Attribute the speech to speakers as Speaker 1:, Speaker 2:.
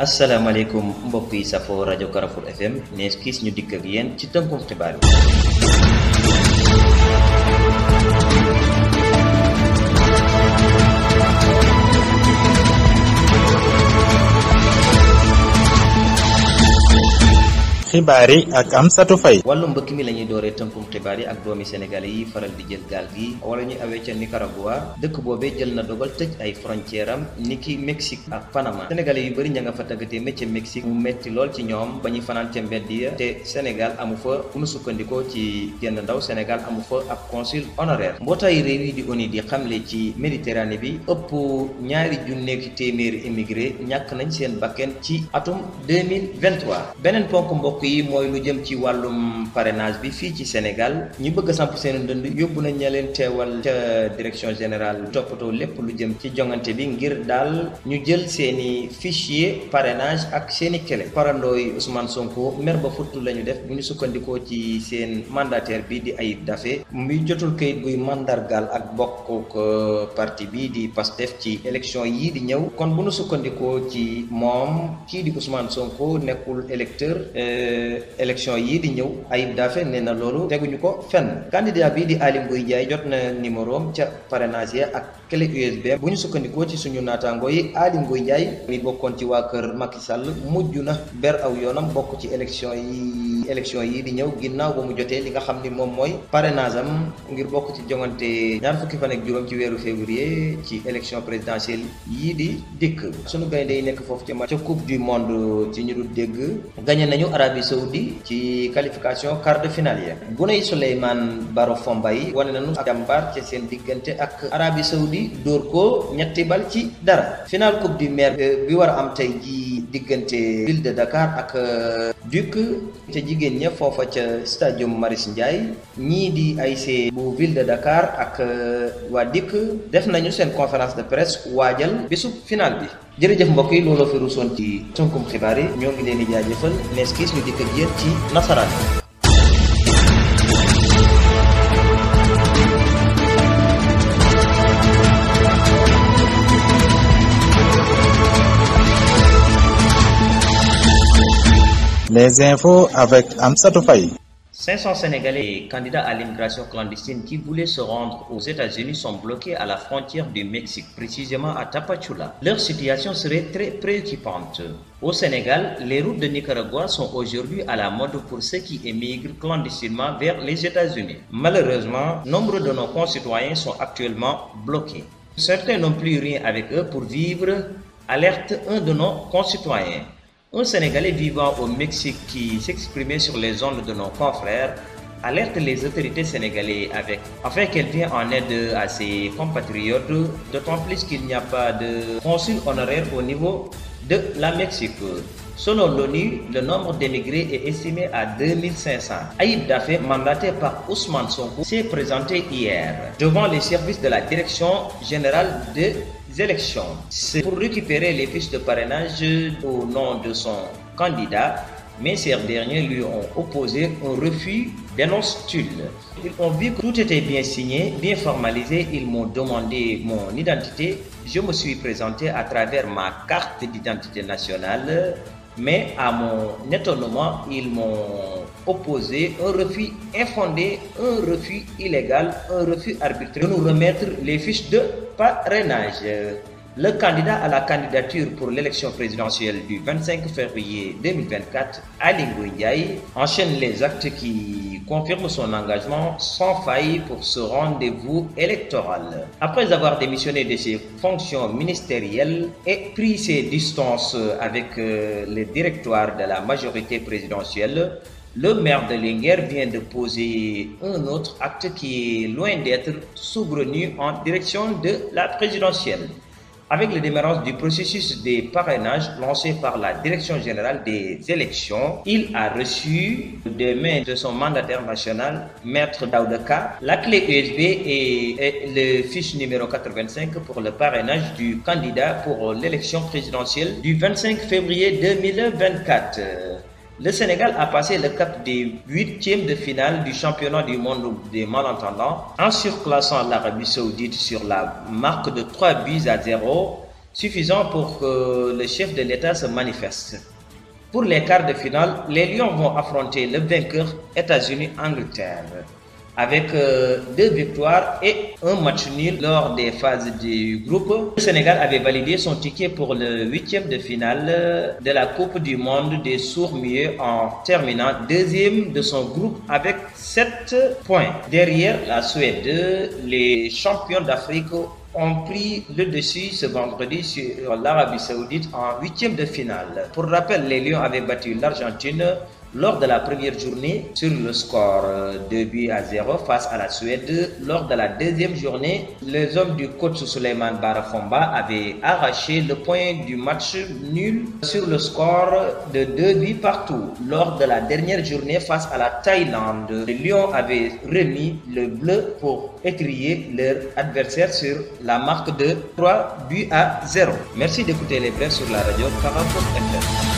Speaker 1: Assalamualaikum, Mbok Pisa for Radio Carrefour FM. Neskis nyudik kegian, citong kong terbaru. baru. xibaar yi ak Amsatou Faye wàllu mbëkk mi la ñuy dooree tënkum xibaar yi ak doomi sénégalais yi faral di jël gaal gi wala ñuy awee ca Nicaragua dëkk boobee jël na dogal tëj ay frontière am ni ki Mexique ak Panama sénégalais yu bëri ña nga fa taggatee métier Mexique mu metti lool ci ñoom ba ñuy fanaan ca mbedd ya te Sénégal amu fa bu nu sukkandikoo ci genn ndaw Sénégal amu fa ab consul honoraire mbootaayu réew yi di ONU di xamle ci Méditerranée bi ëpp ñaari junneeki téeméeri immigré ñàkk nañ seen bakken ci atum 2023 beneen ponk mbokk mbokk yi mooy lu jëm ci wàllum parrainage bi fii ci Sénégal ñi bëgg a samp seen dënd yóbbu nañ ña leen teewal ca direction général toppatoo lépp lu jëm ci jongante bi ngir daal ñu jël seen i fichier parrainage ak seen i kele parandooy Ousmane Sonko mer ba futtu la def bu ñu sukkandikoo ci seen mandataire bi di Ayib Daffé muy jotul kayit buy mandargaal ak bokkuk euh, parti bi di Pastef ci élection yii di ñëw kon bu ñu sukkandikoo ci moom kii di Ousmane Sonko nekkul électeur euh, Eh, élection yii di ñëw Ayib Daffé nee na loolu teguñu ko fenn candidat bi di Aly Ngouille jaay jot na numéro ca parrainage ak clé USB bu ñu sukkandikoo ci suñu naataango yi Aly Ngouille Ndiaye mi bokkoon ci waa kër Macky Sall mujj na ber aw yoonam bokk ci élection yi élection yii di ñëw ginnaaw ba mu jotee li nga xam ni moom mooy parrainage am ngir bokk ci jongante ñaar fukki fa ak juróom ci weeru février ci élection présidentielle yii di dikk suñu gaynde yi nekk foofu ca ca coupe du monde ci ñu dul dégg Arabie Saoudi ci qualification quart de finale ya guney Souleymane Baro Fombay wane nañu ak jàmbaar ci seen diggante ak Arabie Saoudi dóor ko ñetti bal ci dara final coupe du maire euh, bi war am tey jii diggante ville de Dakar ak euh, DUC ca jigéen ña foofa ca stadium Maris Ndiaye ñii di ASC bu ville de Dakar ak euh, waa dikk def nañu seen conférence de presse waajal bésub final bi jërëjëf mbokk yi looloo fi ruusoon ci sunkum xibaar yi ñoo ngi leen di jaajëfal nees kiis ñu dikk ak ci nasaraan Les infos avec Amsato Faye. 500 Sénégalais candidats à l'immigration clandestine qui voulaient se rendre aux États-Unis sont bloqués à la frontière du Mexique, précisément à Tapachula. Leur situation serait très préoccupante. Au Sénégal, les routes de Nicaragua sont aujourd'hui à la mode pour ceux qui émigrent clandestinement vers les États-Unis. Malheureusement, nombre de nos concitoyens sont actuellement bloqués. Certains n'ont plus rien avec eux pour vivre, alerte un de nos concitoyens. Un Sénégalais vivant au Mexique qui s'exprimait sur les ondes de nos confrères alerte les autorités sénégalaises avec, afin qu'elles viennent en aide à ses compatriotes, d'autant plus qu'il n'y a pas de consul honoraire au niveau de la Mexique. Selon l'ONU, le nombre d'émigrés est estimé à 2500. Aïb Dafé, mandaté par Ousmane Sonko, s'est présenté hier devant les services de la Direction générale de élections. C'est pour récupérer les fiches de parrainage au nom de son candidat, mais ces derniers lui ont opposé un refus, d'annonce t Ils ont vu que tout était bien signé, bien formalisé, ils m'ont demandé mon identité. Je me suis présenté à travers ma carte d'identité nationale, mais à mon étonnement, ils m'ont opposé un refus infondé, un refus illégal, un refus arbitraire de nous remettre les fiches de le candidat à la candidature pour l'élection présidentielle du 25 février 2024, Ali enchaîne les actes qui confirment son engagement sans faille pour ce rendez-vous électoral. Après avoir démissionné de ses fonctions ministérielles et pris ses distances avec euh, le directoire de la majorité présidentielle, le maire de Linger vient de poser un autre acte qui est loin d'être saugrenu en direction de la présidentielle. Avec le démarrage du processus des parrainages lancé par la Direction générale des élections, il a reçu de main de son mandataire national, Maître Daudaka la clé USB et le fiche numéro 85 pour le parrainage du candidat pour l'élection présidentielle du 25 février 2024. Le Sénégal a passé le cap des huitièmes de finale du championnat du monde des malentendants en surclassant l'Arabie saoudite sur la marque de 3 buts à 0, suffisant pour que le chef de l'État se manifeste. Pour les quarts de finale, les Lions vont affronter le vainqueur États-Unis-Angleterre avec euh, deux victoires et un match nul lors des phases du groupe. Le Sénégal avait validé son ticket pour le huitième de finale euh, de la Coupe du Monde des sourds mieux en terminant deuxième de son groupe avec sept points. Derrière la Suède, les champions d'Afrique ont pris le dessus ce vendredi sur l'Arabie saoudite en huitième de finale. Pour rappel, les Lions avaient battu l'Argentine lors de la première journée sur le score 2 euh, buts à 0 face à la Suède. Lors de la deuxième journée, les hommes du coach Suleiman Barafomba avaient arraché le point du match nul sur le score de 2 buts partout. Lors de la dernière journée face à la Thaïlande, les Lions avaient remis le bleu pour étrier leur adversaire sur la marque de 3 buts à 0. Merci d'écouter les brefs sur la radio Caracol FM.